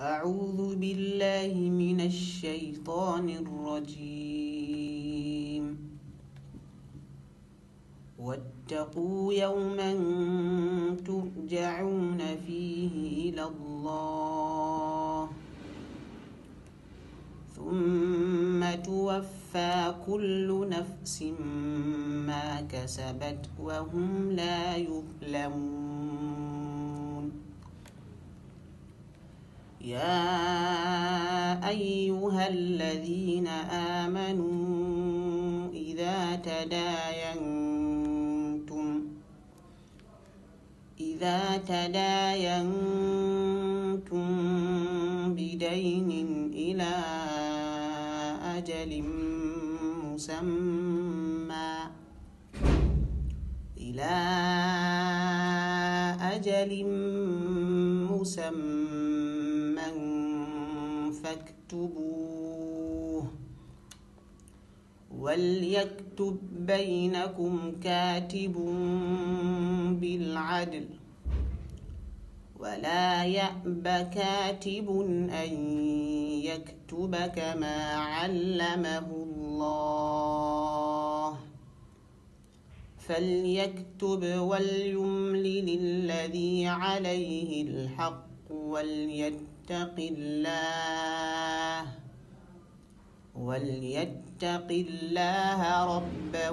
أعوذ بالله من الشيطان الرجيم واتقوا يوما ترجعون فيه إلى الله ثم توفى كل نفس ما كسبت وهم لا يظلمون يا أيها الذين آمنوا إذا تداينتم إذا تداينتم بدين إلى أجل مسمى إلى أجل مسمى فاكتبوه وليكتب بينكم كاتب بالعدل ولا يأب كاتب أن يكتب كما علمه الله فليكتب وليملل الذي عليه الحق وليتق الله وليتق الله ربه